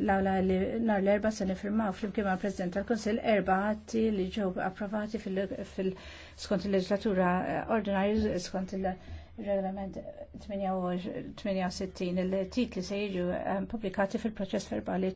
l-għala li nar l-erba se nifirmaw fl-imkien ma' President tal-Konsil erba għatti li ġew approvati fil-skont il-leġislatura eh, ordinarju skont il-regolament 68 il-titli se jiġu eh, pubblikati fil-proċess verbali